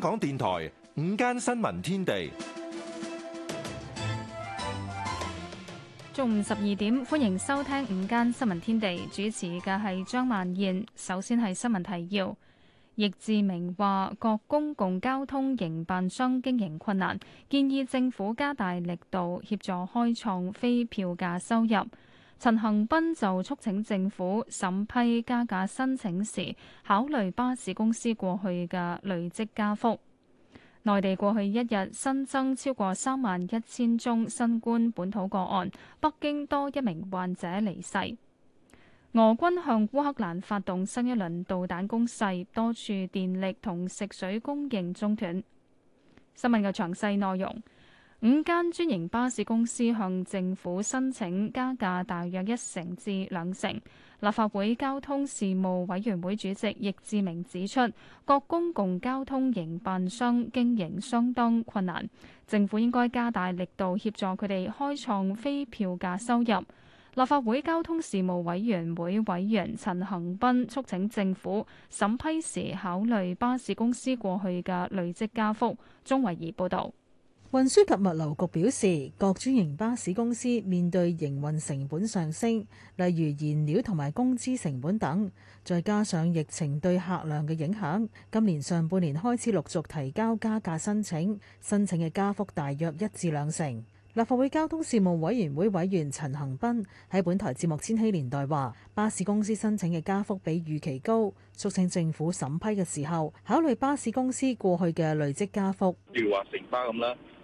港電台五間新聞天地，中午十二點歡迎收聽五間新聞天地，主持嘅係張曼燕。首先係新聞提要，易志明話，各公共交通營辦商經營困難，建議政府加大力度協助開創非票價收入。陳恒斌就促請政府審批加價申請時，考慮巴士公司過去嘅累積加幅。內地過去一日新增超過三萬一千宗新冠本土個案，北京多一名患者離世。俄軍向烏克蘭發動新一輪導彈攻勢，多處電力同食水供應中斷。新聞嘅詳細內容。五間專營巴士公司向政府申請加價，大約一成至兩成。立法會交通事務委員會主席易志明指出，各公共交通營辦商經營相當困難，政府應該加大力度協助佢哋開創非票價收入。立法會交通事務委員會委員陳恒斌促請政府審批時考慮巴士公司過去嘅累積加幅。鐘偉儀報導。運輸及物流局表示，各專營巴士公司面對營運成本上升，例如燃料同埋工資成本等，再加上疫情對客量嘅影響，今年上半年開始陸續提交加價申請，申請嘅加幅大約一至兩成。立法會交通事務委員會委員陳恒斌喺本台節目《千禧年代》話，巴士公司申請嘅加幅比預期高，促請政府審批嘅時候考慮巴士公司過去嘅累積加幅，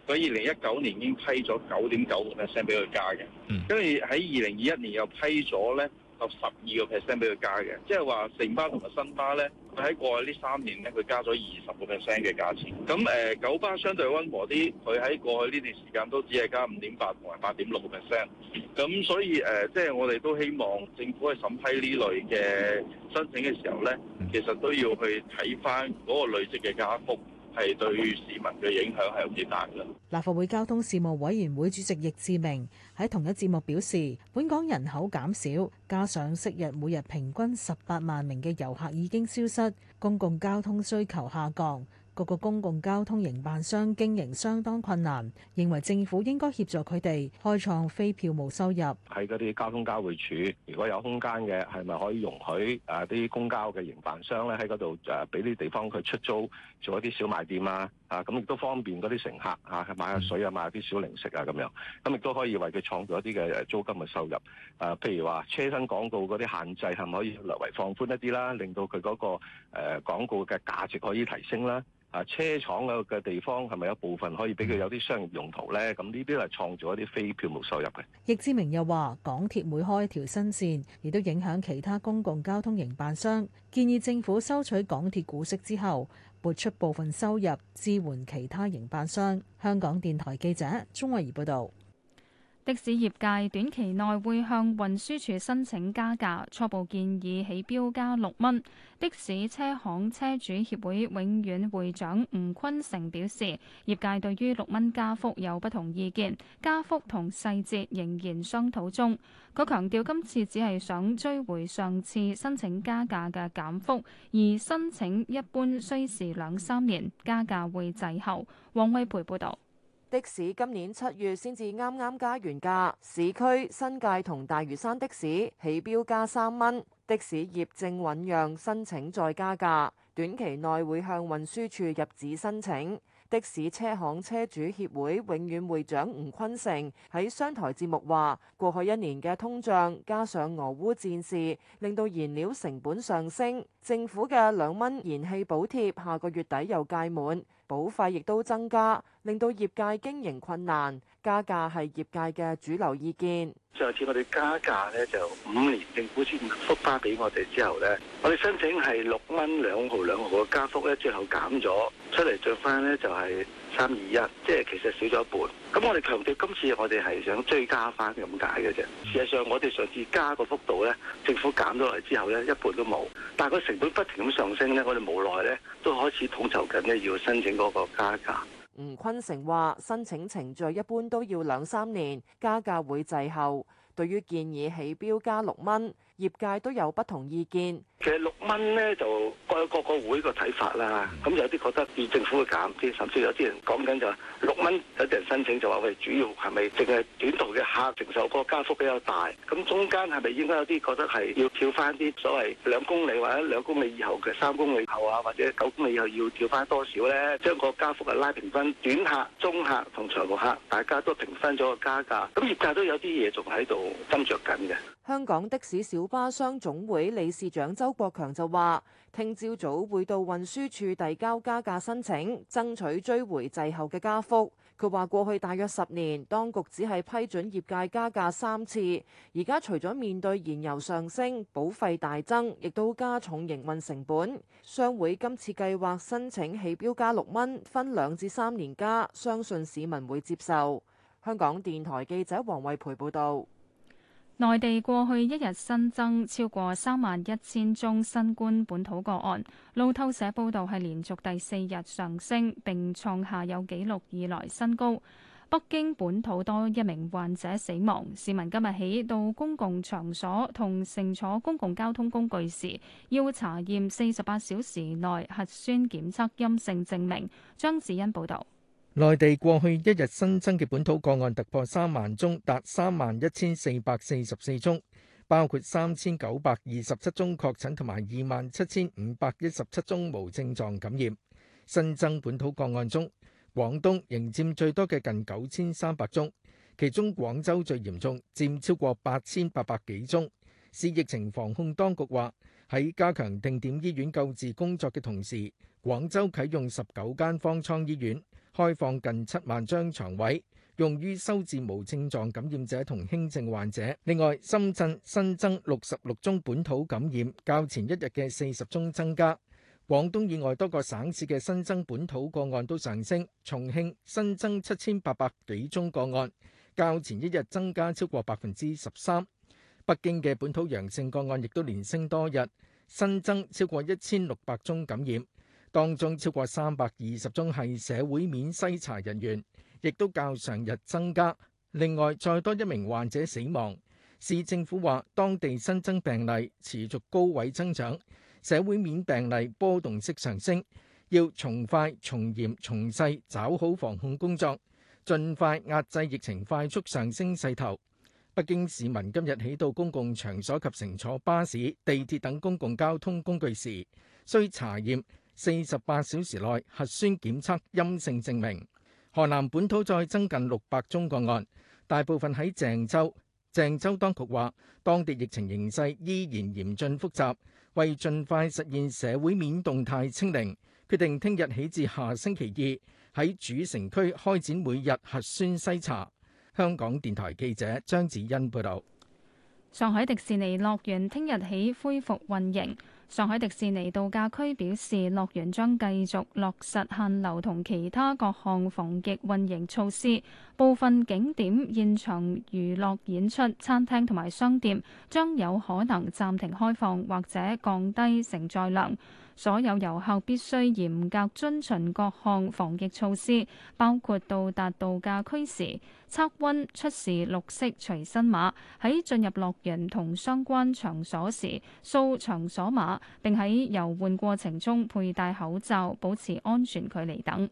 佢二零一九年已經批咗九點九個 percent 俾佢加嘅，跟住喺二零二一年又批咗咧個十二個 percent 俾佢加嘅，即係話城巴同埋新巴咧，佢喺過去呢三年咧，佢加咗二十個 percent 嘅價錢。咁誒、呃、九巴相對溫和啲，佢喺過去呢段時間都只係加五點八同埋八點六個 percent。咁所以誒、呃，即係我哋都希望政府去審批呢類嘅申請嘅時候咧，其實都要去睇翻嗰個累積嘅加幅。係對於市民嘅影響係好之大㗎。立法會交通事務委員會主席易志明喺同一節目表示，本港人口減少，加上昔日每日平均十八萬名嘅遊客已經消失，公共交通需求下降。各個公共交通營辦商經營相當困難，認為政府應該協助佢哋開創非票務收入。喺嗰啲交通交匯處，如果有空間嘅，係咪可以容許啊啲公交嘅營辦商咧喺嗰度誒俾啲地方佢出租做一啲小賣店啊？啊，咁亦都方便嗰啲乘客嚇、啊，買下水啊，買下啲小零食啊，咁樣咁亦都可以為佢創造一啲嘅租金嘅收入。啊，譬如話車身廣告嗰啲限制，係咪可以略為放寬一啲啦？令到佢嗰、嗰個誒、呃、廣告嘅價值可以提升啦。啊，車廠嘅地方係咪有部分可以俾佢有啲商業用途咧？咁呢啲係創造一啲非票務收入嘅。易志明又話，港鐵每開一條新綫，亦都影響其他公共交通營辦商。建議政府收取港鐵股息之後，撥出部分收入支援其他營辦商。香港電台記者鍾慧儀報導。的士業界短期內會向運輸署申請加價，初步建議起標加六蚊。的士車行車主協會永遠會長吳坤成表示，業界對於六蚊加幅有不同意見，加幅同細節仍然商討中。佢強調，今次只係想追回上次申請加價嘅減幅，而申請一般需時兩三年，加價會滯後。王威培報導。的士今年七月先至啱啱加完價，市區、新界同大嶼山的士起標加三蚊。的士業正醞釀，釀，釀申請再加價，短期內會向運輸處入紙申請。的士車行車主協會永遠會長吳坤成喺商台節目話：過去一年嘅通脹，加上俄烏戰事，令到燃料成本上升。政府嘅兩蚊燃氣補貼下個月底又屆滿，保費亦都增加。令到業界經營困難，加價係業界嘅主流意見。上次我哋加價咧，就五年政府先覆翻俾我哋之後咧，我哋申請係六蚊兩毫兩毫嘅加幅咧，最後減咗出嚟，着翻咧就係三二一，即係其實少咗一半。咁我哋強調今次我哋係想追加翻咁解嘅啫。事實上，我哋上次加個幅度咧，政府減咗落嚟之後咧，一半都冇。但係個成本不停咁上升咧，我哋無奈咧都開始統籌緊咧，要申請嗰個加價。吳坤成話：申請程序一般都要兩三年，加價會滯後。對於建議起標加六蚊。業界都有不同意見。其實六蚊咧就各有各個會個睇法啦。咁有啲覺得以政府嘅減，甚至有啲人講緊就話六蚊，有啲人申請就話喂，主要係咪淨係短途嘅客承受個加幅比較大？咁中間係咪應該有啲覺得係要跳翻啲所謂兩公里或者兩公里以後嘅三公里後啊，或者九公里以後要跳翻多少咧？將個加幅係拉平分短客、中客同長途客，大家都平分咗個加價。咁業界都有啲嘢仲喺度斟酌緊嘅。香港的士小巴商總會理事長周國強就話，聽朝早會到運輸處遞交加價申請，爭取追回滯後嘅加幅。佢話，過去大約十年，當局只係批准業界加價三次，而家除咗面對燃油上升、保費大增，亦都加重營運成本。商會今次計劃申請起錶加六蚊，分兩至三年加，相信市民會接受。香港電台記者黃慧培報道。內地過去一日新增超過三萬一千宗新冠本土個案，路透社報道係連續第四日上升，並創下有紀錄以來新高。北京本土多一名患者死亡。市民今日起到公共場所同乘坐公共交通工具時，要查驗四十八小時內核酸檢測陰性證明。張子欣報導。內地過去一日新增嘅本土個案突破三萬宗，達三萬一千四百四十四宗，包括三千九百二十七宗確診同埋二萬七千五百一十七宗無症狀感染。新增本土個案中，廣東仍占最多嘅近九千三百宗，其中廣州最嚴重，占超過八千八百幾宗。市疫情防控當局話，喺加強定點醫院救治工作嘅同時，廣州啟用十九間方艙醫院。開放近七萬張床位，用於收治無症狀感染者同輕症患者。另外，深圳新增六十六宗本土感染，較前一日嘅四十宗增加。廣東以外多個省市嘅新增本土個案都上升。重慶新增七千八百幾宗個案，較前一日增加超過百分之十三。北京嘅本土陽性個案亦都連升多日，新增超過一千六百宗感染。當中超過三百二十宗係社會面篩查人員，亦都較上日增加。另外，再多一名患者死亡。市政府話，當地新增病例持續高位增長，社會面病例波動式上升，要從快、從嚴、從細抓好防控工作，盡快壓制疫情快速上升勢頭。北京市民今日起到公共場所及乘坐巴士、地鐵等公共交通工具時，需查驗。四十八小時內核酸檢測陰性證明。河南本土再增近六百宗個案，大部分喺鄭州。鄭州當局話，當地疫情形勢依然嚴峻複雜，為盡快實現社會面動態清零，決定聽日起至下星期二喺主城區開展每日核酸篩查。香港電台記者張子欣報導。上海迪士尼樂園聽日起恢復運營，上海迪士尼度假區表示，樂園將繼續落實限流同其他各項防疫運營措施，部分景點、現場娛樂演出、餐廳同埋商店將有可能暫停開放或者降低承載量。所有遊客必須嚴格遵循各項防疫措施，包括到達度假區時測温、出示綠色隨身碼、喺進入樂園同相關場所時掃場所碼，並喺遊玩過程中佩戴口罩、保持安全距離等。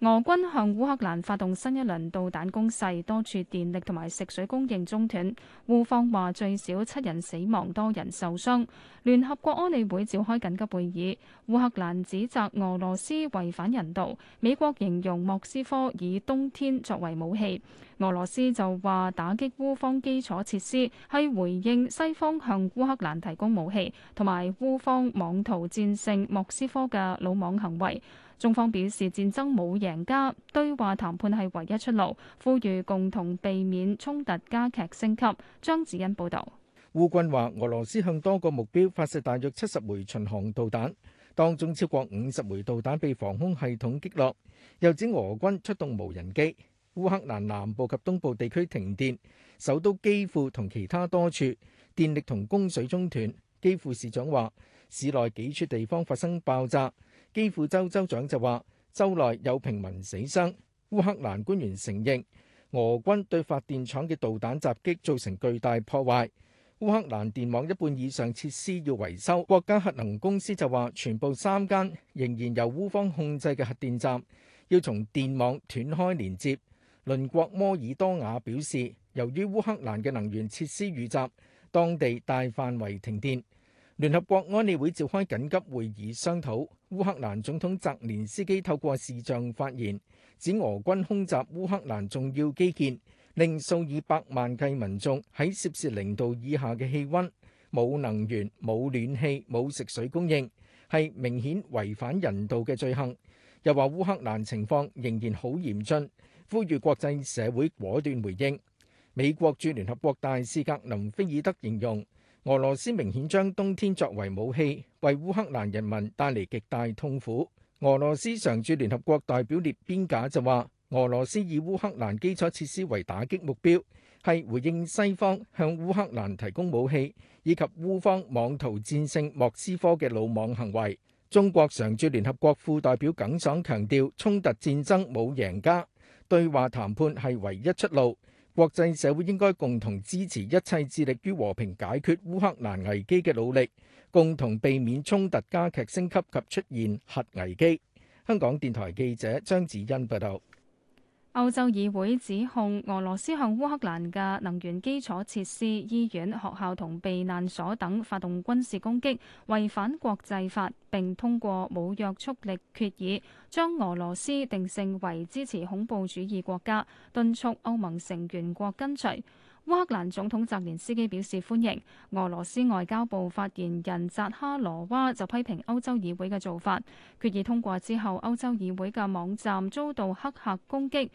俄軍向烏克蘭發動新一輪導彈攻勢，多處電力同埋食水供應中斷。烏方話最少七人死亡，多人受傷。聯合國安理會召開緊急會議。烏克蘭指責俄羅斯違反人道。美國形容莫斯科以冬天作為武器。俄羅斯就話打擊烏方基礎設施係回應西方向烏克蘭提供武器，同埋烏方妄圖戰勝莫斯科嘅魯莽行為。中方表示戰爭冇贏家，對話談判係唯一出路，呼籲共同避免衝突加劇升級。張子欣報導。烏軍話俄羅斯向多個目標發射大約七十枚巡航導彈，當中超過五十枚導彈被防空系統擊落。又指俄軍出動無人機。烏克蘭南部及東部地區停電，首都基輔同其他多處電力同供水中斷。基輔市長話市內幾處地方發生爆炸。基輔州州長就話州內有平民死傷。烏克蘭官員承認俄軍對發電廠嘅導彈襲擊造成巨大破壞，烏克蘭電網一半以上設施要維修。國家核能公司就話全部三間仍然由烏方控制嘅核電站要從電網斷開連接。鄰國摩爾多瓦表示，由於烏克蘭嘅能源設施遇襲，當地大範圍停電。聯合國安理會召開緊急會議商討。烏克蘭總統澤連斯基透過視像發言，指俄軍空襲烏克蘭重要基建，令數以百萬計民眾喺攝氏零度以下嘅氣溫，冇能源、冇暖氣、冇食水供應，係明顯違反人道嘅罪行。又話烏克蘭情況仍然好嚴峻。呼籲國際社會果斷回應。美國駐聯合國大使格林菲爾德形容，俄羅斯明顯將冬天作為武器，為烏克蘭人民帶嚟極大痛苦。俄羅斯常駐聯合國代表列邊假就話，俄羅斯以烏克蘭基礎設施為打擊目標，係回應西方向烏克蘭提供武器，以及烏方妄圖戰勝莫斯科嘅魯莽行為。中國常駐聯合國副代表耿爽強調，衝突戰爭冇贏家。對話談判係唯一出路。國際社會應該共同支持一切致力於和平解決烏克蘭危機嘅努力，共同避免衝突加劇升級及出現核危機。香港電台記者張子欣報道。歐洲議會指控俄羅斯向烏克蘭嘅能源基礎設施、醫院、學校同避難所等發動軍事攻擊，違反國際法，並通過無約束力決議，將俄羅斯定性為支持恐怖主義國家，敦促歐盟成員國跟隨。烏克蘭總統澤連斯基表示歡迎，俄羅斯外交部發言人扎哈羅娃就批評歐洲議會嘅做法。決議通過之後，歐洲議會嘅網站遭到黑客攻擊。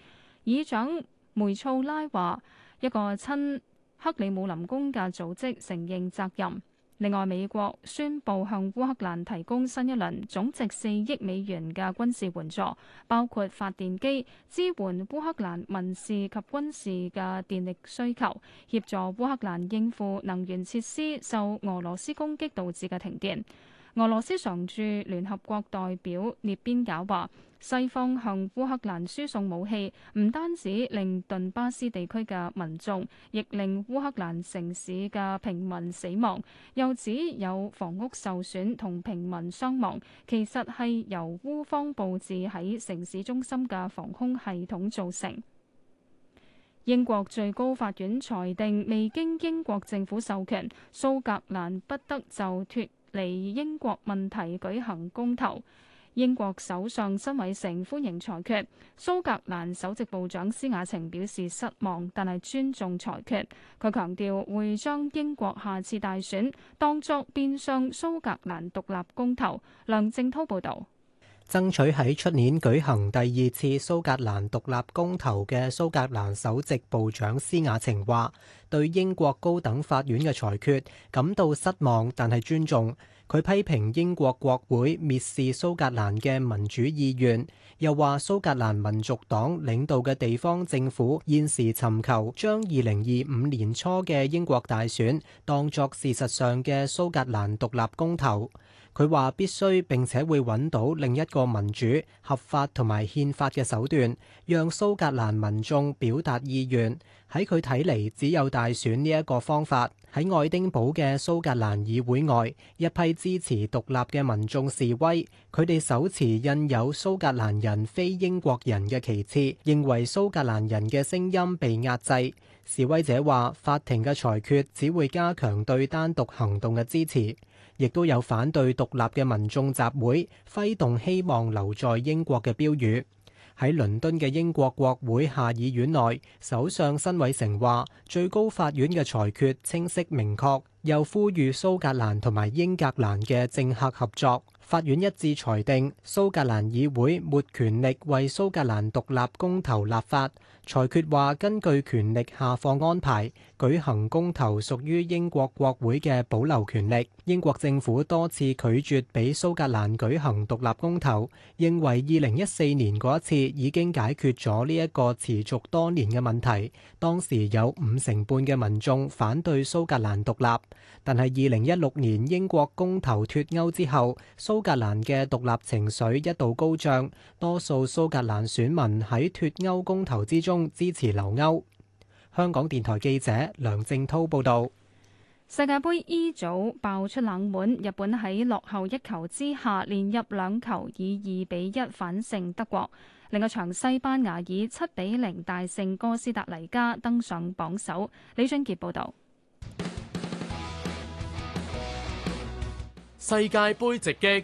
議長梅措拉話：一個親克里姆林宮嘅組織承認責任。另外，美國宣布向烏克蘭提供新一輪總值四億美元嘅軍事援助，包括發電機支援烏克蘭民事及軍事嘅電力需求，協助烏克蘭應付能源設施受俄羅斯攻擊導致嘅停電。俄羅斯常駐聯合國代表涅邊賈話，西方向烏克蘭輸送武器，唔單止令頓巴斯地區嘅民眾，亦令烏克蘭城市嘅平民死亡，又指有房屋受損同平民傷亡，其實係由烏方佈置喺城市中心嘅防空系統造成。英國最高法院裁定，未經英國政府授權，蘇格蘭不得就脫離英國問題舉行公投。英國首相辛偉誠歡迎裁決，蘇格蘭首席部長施雅晴表示失望，但係尊重裁決。佢強調會將英國下次大選當作變相蘇格蘭獨立公投。梁正濤報道，爭取喺出年舉行第二次蘇格蘭獨立公投嘅蘇格蘭首席部長施雅晴話，對英國高等法院嘅裁決感到失望，但係尊重。佢批評英國國會蔑視蘇格蘭嘅民主意願。又話蘇格蘭民族黨領導嘅地方政府現時尋求將二零二五年初嘅英國大選當作事實上嘅蘇格蘭獨立公投。佢話必須並且會揾到另一個民主、合法同埋憲法嘅手段，讓蘇格蘭民眾表達意願。喺佢睇嚟，只有大選呢一個方法。喺愛丁堡嘅蘇格蘭議會外，一批支持獨立嘅民眾示威，佢哋手持印有蘇格蘭人非英國人嘅歧視，認為蘇格蘭人嘅聲音被壓制。示威者話，法庭嘅裁決只會加強對單獨行動嘅支持，亦都有反對獨立嘅民眾集會揮動希望留在英國嘅標語。喺倫敦嘅英國國會下議院內，首相辛偉誠話，最高法院嘅裁決清晰明確，又呼籲蘇格蘭同埋英格蘭嘅政客合作。法院一致裁定，蘇格蘭議會沒權力為蘇格蘭獨立公投立法，裁決話根據權力下放安排。舉行公投屬於英國國會嘅保留權力。英國政府多次拒絕俾蘇格蘭舉行獨立公投，認為二零一四年嗰一次已經解決咗呢一個持續多年嘅問題。當時有五成半嘅民眾反對蘇格蘭獨立，但係二零一六年英國公投脫歐之後，蘇格蘭嘅獨立情緒一度高漲，多數蘇格蘭選民喺脫歐公投之中支持留歐。香港電台記者梁正濤報道：世界盃 E 組爆出冷門，日本喺落後一球之下連入兩球，以二比一反勝德國。另一場西班牙以七比零大勝哥斯達黎加，登上榜首。李俊傑報道。世界盃直擊。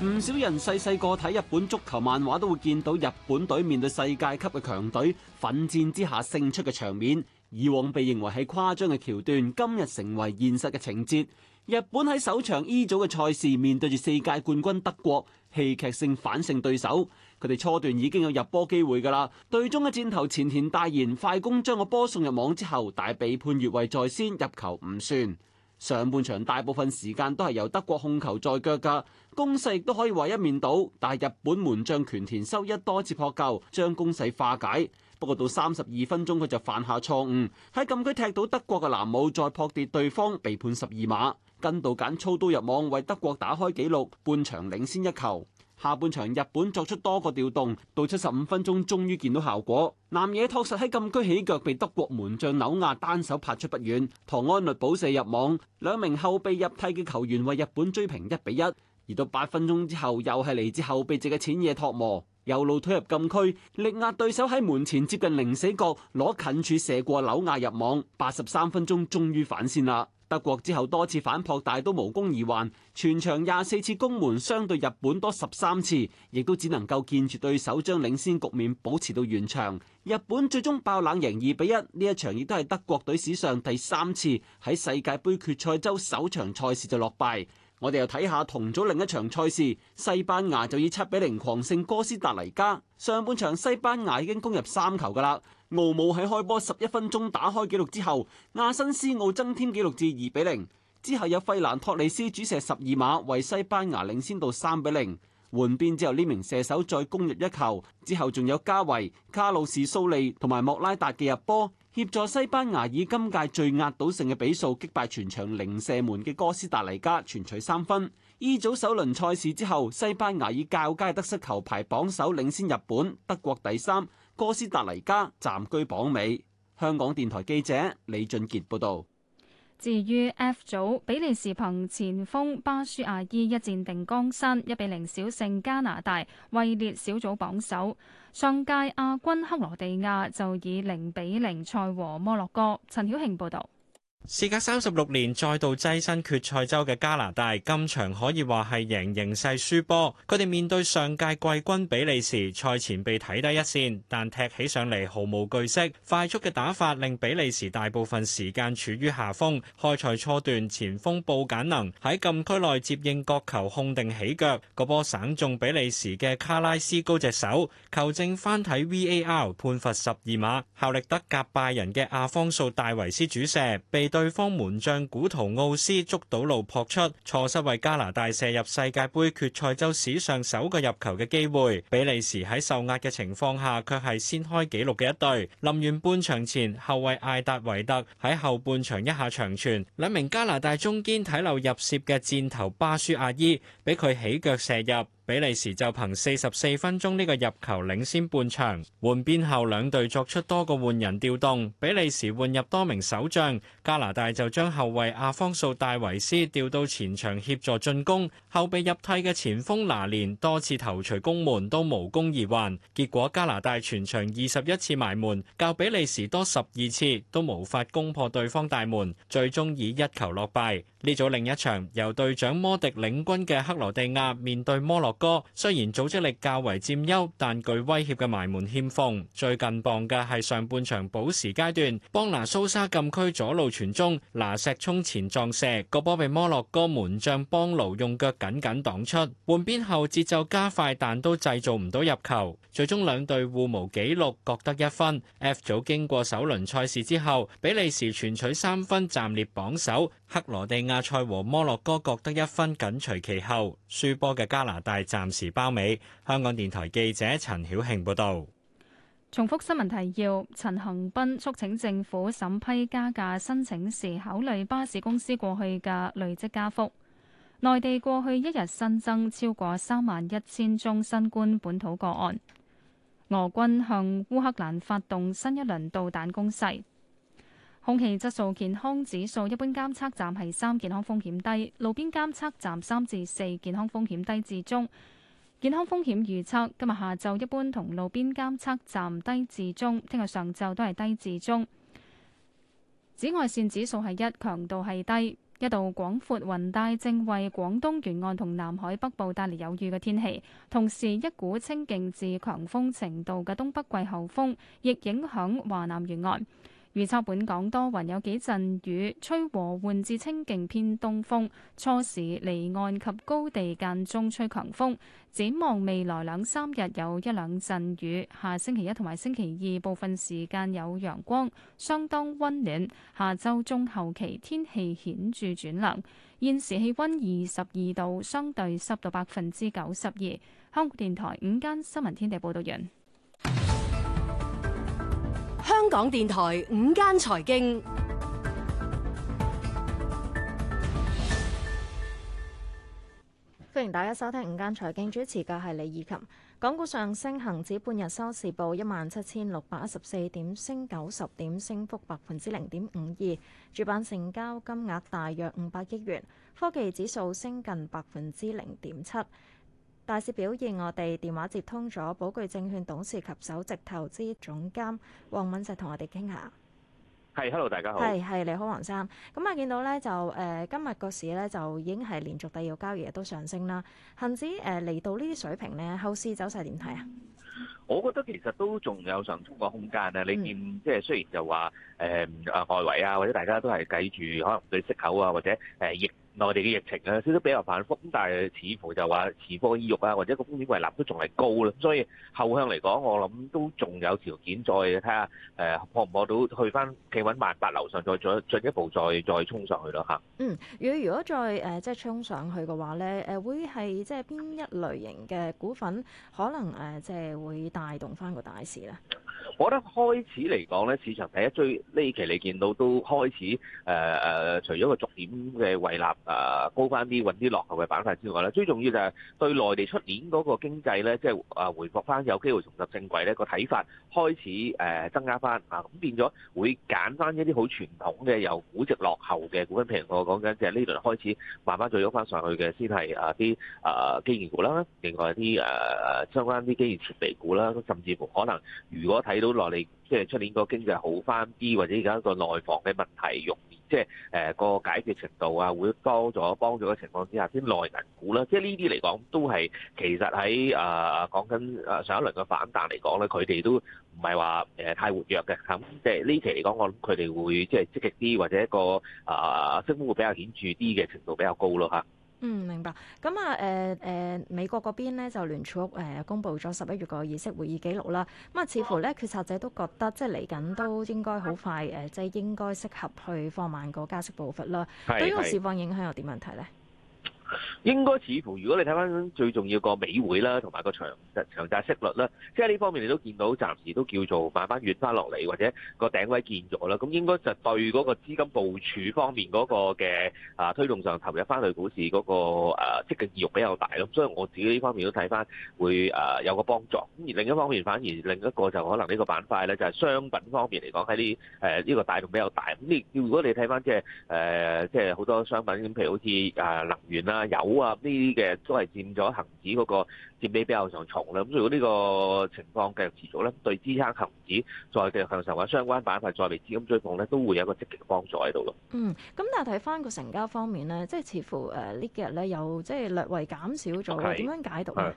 唔少人細細個睇日本足球漫畫都會見到日本隊面對世界級嘅強隊奮戰之下勝出嘅場面，以往被認為係誇張嘅橋段，今日成為現實嘅情節。日本喺首場 E 組嘅賽事面對住世界冠軍德國，戲劇性反勝對手。佢哋初段已經有入波機會噶啦，隊中嘅箭頭前田大然，快攻將個波送入網之後，大被判越位在先入球唔算。上半場大部分時間都係由德國控球在腳嘅攻勢，亦都可以話一面倒。但係日本門將權田修一多次撲救，將攻勢化解。不過到三十二分鐘，佢就犯下錯誤，喺禁區踢到德國嘅藍帽，再撲跌對方，被判十二碼。根杜簡操刀入網，為德國打開紀錄，半場領先一球。下半場日本作出多個調動，到七十五分鐘終於見到效果。南野拓實喺禁區起腳，被德國門將紐亞單手拍出不遠。唐安律補射入網，兩名後備入替嘅球員為日本追平一比一。到八分鐘之後，又係嚟自後備席嘅淺野拓磨右路推入禁區，力壓對手喺門前接近零死角，攞近柱射過扭壓入網。八十三分鐘終於反先啦！德國之後多次反撲，但都無功而還。全場廿四次攻門，相對日本多十三次，亦都只能夠見住對手將領先局面保持到完場。日本最終爆冷贏二比一，呢一場亦都係德國隊史上第三次喺世界盃決賽周首場賽事就落敗。我哋又睇下同組另一場賽事，西班牙就以七比零狂勝哥斯達黎加。上半場西班牙已經攻入三球噶啦，奧姆喺開波十一分鐘打開紀錄之後，亞辛斯奧增添紀錄至二比零。之後有費蘭托里斯主射十二碼，為西班牙領先到三比零。換邊之後呢名射手再攻入一球，之後仲有加維、卡路士、蘇利同埋莫拉達嘅入波。協助西班牙以今屆最壓倒性嘅比數擊敗全場零射門嘅哥斯達黎加，全取三分。E 組首輪賽事之後，西班牙以較佳嘅得失球排榜首，領先日本、德國第三，哥斯達黎加暫居榜尾。香港電台記者李俊傑報道。至於 F 組，比利時憑前鋒巴舒亞伊一戰定江山，一比零小勝加拿大，位列小組榜首。上屆亞軍克羅地亞就以零比零賽和摩洛哥。陳曉慶報導。事隔三十六年，再度躋身決賽周嘅加拿大，今場可以話係贏形勢輸波。佢哋面對上屆季軍比利時，賽前被睇低一線，但踢起上嚟毫無懼色。快速嘅打法令比利時大部分時間處於下風。開賽初段，前鋒布簡能喺禁區內接應角球控定起腳，個波省中比利時嘅卡拉斯高隻手，球證翻睇 VAR 判罰十二碼，效力德甲拜仁嘅阿方素戴維斯主射被對方門將古圖奧斯捉到路撲出，錯失為加拿大射入世界杯決賽周史上首個入球嘅機會。比利時喺受壓嘅情況下，卻係先開紀錄嘅一隊。臨完半場前，後衛艾達維特喺後半場一下長傳，兩名加拿大中堅睇漏入楔嘅箭頭巴舒亞伊，俾佢起腳射入。比利時就憑四十四分鐘呢個入球領先半場，換邊後兩隊作出多個換人調動，比利時換入多名守將，加拿大就將後衛阿方素戴維斯調到前場協助進攻，後備入替嘅前鋒拿連多次頭槌攻門都無功而還，結果加拿大全場二十一次埋門，較比利時多十二次，都無法攻破對方大門，最終以一球落敗。呢組另一場由隊長摩迪領軍嘅克羅地亞面對摩洛哥雖然組織力較為佔優，但具威脅嘅埋門欠奉。最近磅嘅係上半場補時階段，邦拿蘇沙禁區左路傳中，拿石衝前撞射，個波被摩洛哥門將邦奴用腳緊緊擋出。換邊後節奏加快，但都製造唔到入球。最終兩隊互無紀錄，各得一分。F 組經過首輪賽事之後，比利時全取三分，暫列榜首。克羅地亞賽和摩洛哥各得一分，緊隨其後輸波嘅加拿大暫時包尾。香港電台記者陳曉慶報道。重複新聞提要：陳恒斌促請政府審批加價申請時，考慮巴士公司過去嘅累積加幅。內地過去一日新增超過三萬一千宗新冠本土個案。俄軍向烏克蘭發動新一輪導彈攻勢。空氣質素健康指數一般監測站係三，健康風險低；路邊監測站三至四，健康風險低至中。健康風險預測今日下晝一般同路邊監測站低至中，聽日上晝都係低至中。紫外線指數係一，強度係低。一道廣闊雲帶正為廣東沿岸同南海北部帶嚟有雨嘅天氣，同時一股清勁至強風程度嘅東北季候風亦影響華南沿岸。預測本港多雲，有幾陣雨，吹和緩至清勁偏東風，初時離岸及高地間中吹強風。展望未來兩三日有一兩陣雨，下星期一同埋星期二部分時間有陽光，相當溫暖。下周中後期天氣顯著轉冷。現時氣溫二十二度，相對濕度百分之九十二。香港電台午間新聞天地報道完。港電台午間財經，歡迎大家收聽午間財經，主持嘅係李以琴。港股上升，恒指半日收市報一萬七千六百一十四點，升九十點，升幅百分之零點五二。主板成交金額大約五百億元，科技指數升近百分之零點七。大市表現，我哋電話接通咗，寶具證券董事及首席投資總監黃敏石同我哋傾下。係，hello，大家好。係係，你好，黃生。咁啊，見到咧就誒，今日個市咧就已經係連續第二個交易日都上升啦。恆指誒嚟到呢啲水平咧，後市走勢點睇啊？我覺得其實都仲有上衝嘅空間咧。你見即係雖然就話誒啊外圍啊，或者大家都係計住可能對息口啊，或者誒亦。內地嘅疫情咧、啊，少少比較反覆，但係似乎就話，持貨意欲啊，或者個風險胃納都仲係高啦。咁所以後向嚟講，我諗都仲有條件再睇下，誒、呃，破唔破到去翻企穩萬八樓上再，再再進一步再，再再衝上去咯，嚇。嗯，如果如果再誒、呃、即係衝上去嘅話咧，誒、呃、會係即係邊一類型嘅股份可能誒、呃、即係會帶動翻個大市咧？我覺得開始嚟講咧，市場第一追呢期你見到都開始誒誒、呃，除咗個重點嘅維納誒高翻啲，揾啲落後嘅板塊之外咧，最重要就係對內地出年嗰個經濟咧，即係啊回復翻有機會重入正軌咧、嗰個睇法開始誒增加翻啊，咁變咗會揀翻一啲好傳統嘅有估值落後嘅股份，譬如我講緊，就係呢輪開始慢慢做咗翻上去嘅，先係啊啲啊基建股啦，另外啲誒、呃、相關啲基建設備股啦，甚至乎可能如果睇到落嚟，即係出年個經濟好返啲，或者而家個內房嘅問題，容易即係誒個解決程度啊，會多咗幫助嘅情況之下，先內銀股啦。即係呢啲嚟講，都係其實喺誒講緊誒上一輪嘅反彈嚟講咧，佢哋都唔係話誒太活躍嘅。咁、嗯、即係呢期嚟講，我諗佢哋會即係積極啲，或者一個誒、呃、升幅會比較顯著啲嘅程度比較高咯嚇。嗯，明白。咁啊，誒、呃、誒、呃，美國嗰邊咧就聯儲局誒公布咗十一月個議息會議記錄啦。咁啊，似乎咧決策者都覺得即係嚟緊都應該好快誒、呃，即係應該適合去放慢個加息步伐啦。是對於個市況影響又點問題咧。應該似乎，如果你睇翻最重要個美匯啦，同埋個長長債息率啦，即係呢方面你都見到，暫時都叫做慢慢越翻落嚟，或者個頂位見咗啦。咁應該就對嗰個資金部署方面嗰個嘅啊推動上投入翻去股市嗰、嗰個啊積極意欲比較大咁，所以我自己呢方面都睇翻會啊有個幫助。咁另一方面反而另一個就可能呢個板塊咧，就係商品方面嚟講喺呢誒呢個帶動比較大。咁你如果你睇翻即係誒即係好多商品，譬如好似啊能源啦。有啊，呢啲嘅都係佔咗恒指嗰個佔比比較上重啦。咁如果呢個情況繼續持續咧，對支撐恒指再繼續向上或者相關板塊再被資金追捧咧，都會有一個積極幫助喺度咯。嗯，咁但係睇返個成交方面咧，即係似乎誒呢、呃、幾日咧又即係略為減少咗，點 Okay, 樣解讀咧、嗯嗯？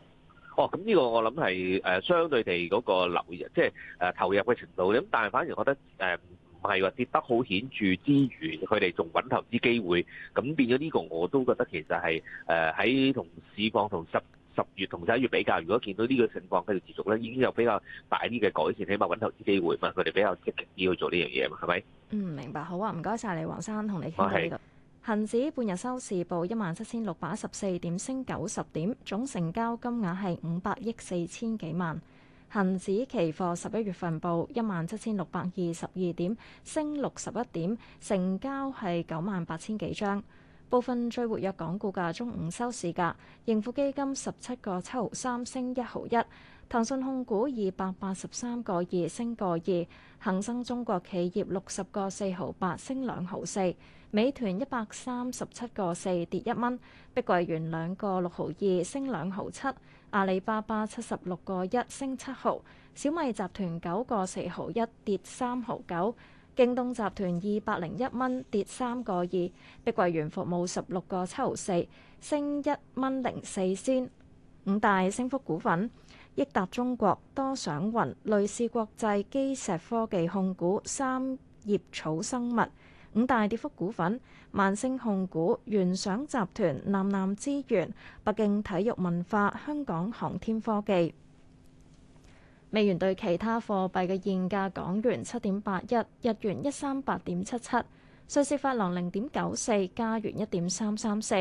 哦，咁、嗯、呢、這個我諗係誒相對地嗰個流入，即係誒、呃、投入嘅程度。咁但係反而我覺得誒。呃呃呃係話跌得好顯著之餘，佢哋仲揾投資機會，咁變咗呢個我都覺得其實係誒喺同市況同十十月同十一月比較，如果見到呢個情況佢哋持續咧，已經有比較大啲嘅改善，起碼揾投資機會，咪佢哋比較積極啲去做呢樣嘢嘛，係咪？嗯，明白。好啊，唔該晒。你，黃生，同你傾到呢度。係。恆指半日收市報一萬七千六百一十四點，升九十點，總成交金額係五百億四千幾萬。恒指期貨十一月份報一萬七千六百二十二點，升六十一點，成交係九萬八千幾張。部分最活躍港股嘅中午收市價：盈富基金十七個七毫三升一毫一，騰訊控股二百八十三個二升個二，恒生中國企業六十個四毫八升兩毫四，美團一百三十七個四跌一蚊，碧桂園兩個六毫二升兩毫七。阿里巴巴七十六個一升七毫，小米集團九個四毫一跌三毫九，京東集團二百零一蚊跌三個二，碧桂園服務十六個七毫四升一蚊零四仙。五大升幅股份：億達中國、多想雲、類視國際、基石科技控股、三葉草生物。五大跌幅股份。萬星控股、元想集團、南南資源、北京體育文化、香港航天科技。美元兌其他貨幣嘅現價：港元七點八一，日元一三八點七七，瑞士法郎零點九四，加元一點三三四，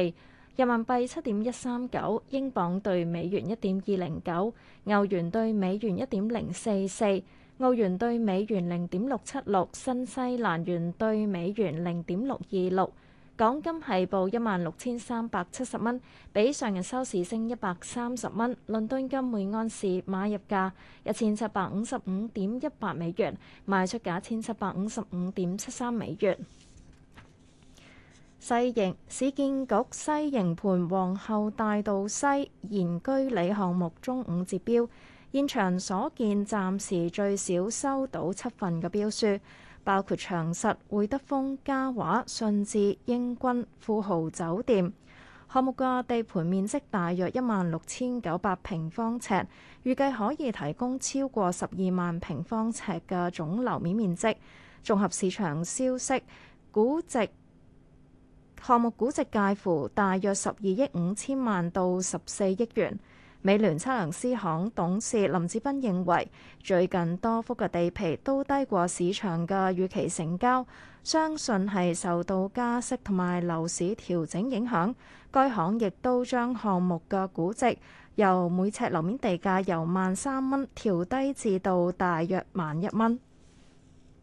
人民幣七點一三九，英鎊兌美元一點二零九，歐元兌美元一點零四四。澳元對美元零點六七六，新西蘭元對美元零點六二六，港金係報一萬六千三百七十蚊，比上日收市升一百三十蚊。倫敦金每安士買入價一千七百五十五點一八美元，賣出價一千七百五十五點七三美元。西營市建局西營盤皇后大道西賢居里項目中午截標。現場所見，暫時最少收到七份嘅標書，包括長實、會德豐、嘉華、信置、鷹君、富豪酒店。項目嘅地盤面積大約一萬六千九百平方尺，預計可以提供超過十二萬平方尺嘅總樓面面積。綜合市場消息，估值項目估值介乎大約十二億五千萬到十四億元。美聯測量師行董事林志斌認為，最近多幅嘅地皮都低過市場嘅預期成交，相信係受到加息同埋樓市調整影響。該行亦都將項目嘅估值由每尺樓面地價由萬三蚊調低至到大約萬一蚊。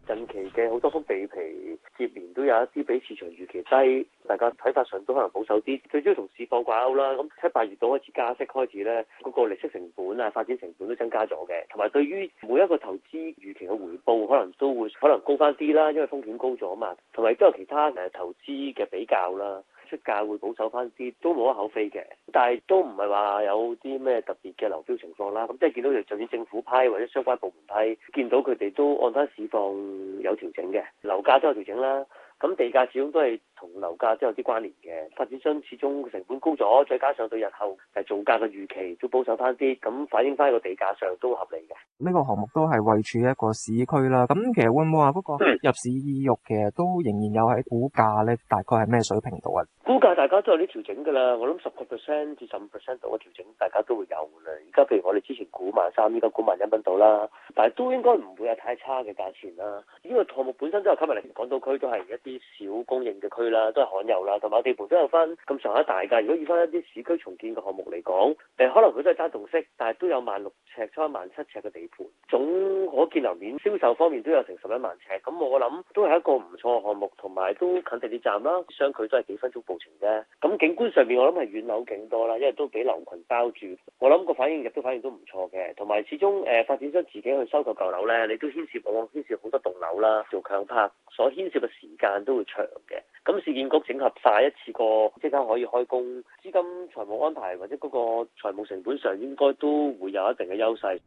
近期嘅好多幅地皮接連都有一啲比市場預期低。大家睇法上都可能保守啲，最主要同市況掛鈎啦。咁七八月到開始加息開始咧，嗰個利息成本啊、發展成本都增加咗嘅。同埋對於每一個投資預期嘅回報，可能都會可能高翻啲啦，因為風險高咗嘛。同埋都有其他誒投資嘅比較啦，出價會保守翻啲，都無可厚非嘅。但係都唔係話有啲咩特別嘅流標情況啦。咁即係見到，就算政府批或者相關部門批，見到佢哋都按翻市況有調整嘅，樓價都有調整啦。咁地價始終都係。同樓價都有啲關聯嘅，發展商始終成本高咗，再加上對日後係造價嘅預期都保守翻啲，咁反映翻喺個地價上都合理嘅。呢個項目都係位處一個市區啦，咁其實會唔會話不過入市意欲其實都仍然有喺估價咧，大概係咩水平度啊？估價大家都有啲調整㗎啦，我諗十個 percent 至十五 percent 度嘅調整，大家都會有嘅。而家譬如我哋之前估萬三，呢家估萬一品度啦，但係都應該唔會有太差嘅價錢啦。呢個項目本身、就是、都係喺埋嚟港島區，都係一啲小供應嘅區。啦，都係罕有啦，同埋地盤都有分咁上下大㗎。如果以翻一啲市區重建嘅項目嚟講，誒可能佢都係單棟式，但係都有萬六尺、差萬七尺嘅地盤，總可建樓面銷售方面都有成十一萬尺。咁我諗都係一個唔錯嘅項目，同埋都近地鐵站啦，相距都係幾分鐘步程啫。咁景觀上面，我諗係遠樓景多啦，因為都俾樓群包住。我諗個反應亦都反應都唔錯嘅，同埋始終誒、呃、發展商自己去收購舊樓咧，你都牽涉往往牽涉好多棟樓啦，做強拍所牽涉嘅時間都會長嘅。咁市建局整合晒一次過，即刻可以開工，資金財務安排或者嗰個財務成本上應該都會有一定嘅優勢。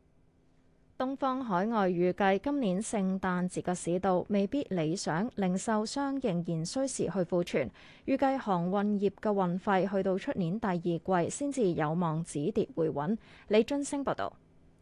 東方海外預計今年聖誕節嘅市道未必理想，零售商仍然需時去庫存。預計航運業嘅運費去到出年第二季先至有望止跌回穩，李津星報道。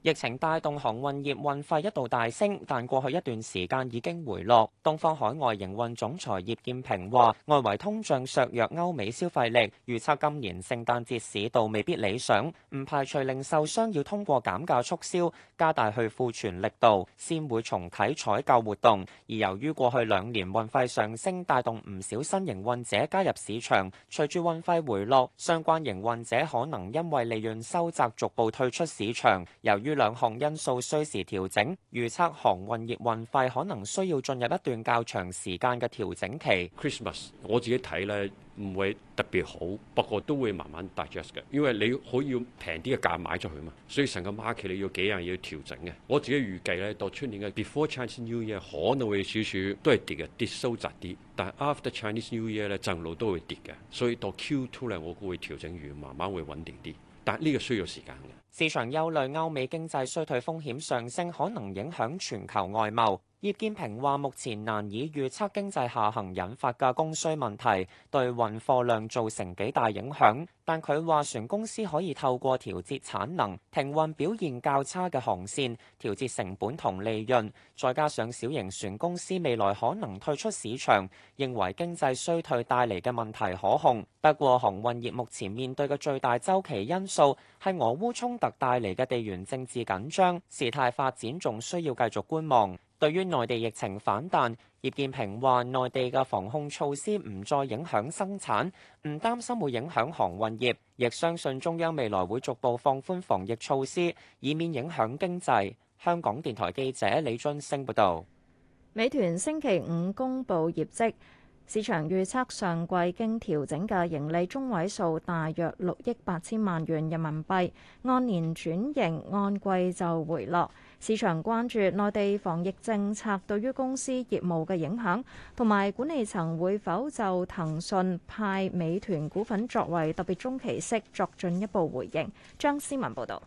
疫情帶動航運業運費一度大升，但過去一段時間已經回落。東方海外營運總裁葉劍平話外圍通脹削弱歐美消費力，預測今年聖誕節市道未必理想，唔排除零售商要通過減價促銷加大去庫存力度，先會重啟採購活動，而由於過去兩年運費上升，帶動唔少新營運者加入市場，隨住運費回落，相關營運者可能因為利潤收窄，逐步退出市場，由於。兩項因素需時調整，預測航運業運費可能需要進入一段較長時間嘅調整期。Christmas 我自己睇咧唔會特別好，不過都會慢慢 digest 嘅，因為你可以平啲嘅價買出去嘛。所以成個 market 你要幾樣嘢調整嘅。我自己預計咧到出年嘅 Before Chinese New Year 可能會少少都係跌嘅，跌收窄啲。但 After Chinese New Year 咧，正路都會跌嘅。所以到 Q2 咧，我會調整完，慢慢會穩定啲。但呢個需要時間嘅。市場憂慮歐美經濟衰退風險上升，可能影響全球外貿。葉劍平話：目前難以預測經濟下行引發嘅供需問題對運貨量造成幾大影響。但佢話船公司可以透過調節產能、停運表現較差嘅航線、調節成本同利潤，再加上小型船公司未來可能退出市場，認為經濟衰退帶嚟嘅問題可控。不過航運業目前面對嘅最大週期因素係俄烏衝特帶嚟嘅地緣政治緊張，事態發展仲需要繼續觀望。對於內地疫情反彈，葉建平話：內地嘅防控措施唔再影響生產，唔擔心會影響航運業，亦相信中央未來會逐步放寬防疫措施，以免影響經濟。香港電台記者李津升報道，美團星期五公布業績。市場預測上季經調整嘅盈利中位數大約六億八千萬元人民幣，按年轉盈，按季就回落。市場關注內地防疫政策對於公司業務嘅影響，同埋管理層會否就騰訊派美團股份作為特別中期息作進一步回應。張思文報道。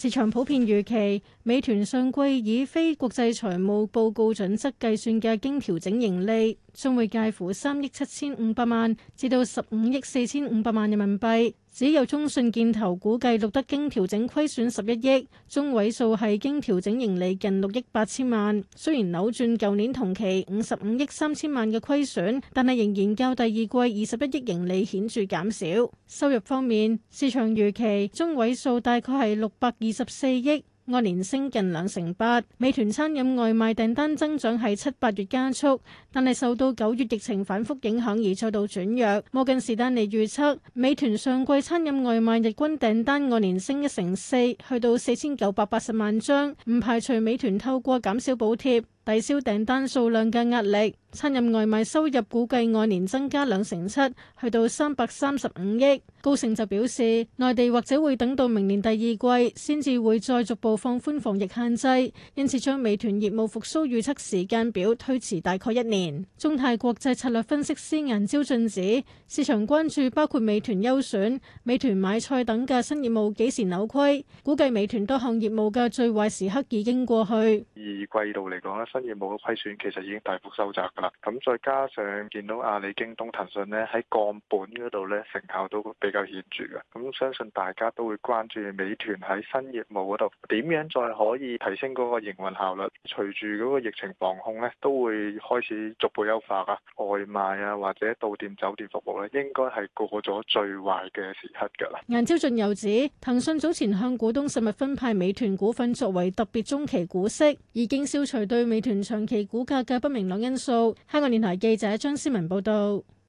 市場普遍預期，美團上季以非國際財務報告準則計算嘅經調整盈利，將會介乎三億七千五百萬至到十五億四千五百萬人民幣。只有中信建投估計錄得經調整虧損十一億，中位數係經調整盈利近六億八千萬。雖然扭轉舊年同期五十五億三千萬嘅虧損，但係仍然較第二季二十一億盈利顯著減少。收入方面，市場預期中位數大概係六百二十四億。按年升近兩成八，美團餐飲外賣訂單增長係七八月加速，但係受到九月疫情反復影響而再度轉弱。摩根士丹利預測，美團上季餐飲外賣日均訂單按年升一成四，去到四千九百八十萬張，唔排除美團透過減少補貼。抵消訂單數量嘅壓力，餐飲外賣收入估計按年增加兩成七，去到三百三十五億。高盛就表示，內地或者會等到明年第二季先至會再逐步放寬防疫限制，因此將美團業務復蘇預測時間表推遲大概一年。中泰國際策略分析師顏朝俊指，市場關注包括美團優選、美團買菜等嘅新業務幾時扭虧，估計美團多項業務嘅最壞時刻已經過去。二季度嚟講。業務嘅虧損其實已經大幅收窄噶啦，咁再加上見到阿里、京東、騰訊咧喺降本嗰度咧成效都比較顯著嘅，咁相信大家都會關注美團喺新業務嗰度點樣再可以提升嗰個營運效率。隨住嗰個疫情防控咧，都會開始逐步優化啊外賣啊或者到店酒店服務咧，應該，係過咗最壞嘅時刻噶啦。顏朝俊又指，騰訊早前向股東實物分派美團股份作為特別中期股息，已經消除對美團。全長期股價嘅不明朗因素。香港電台記者張思文報道。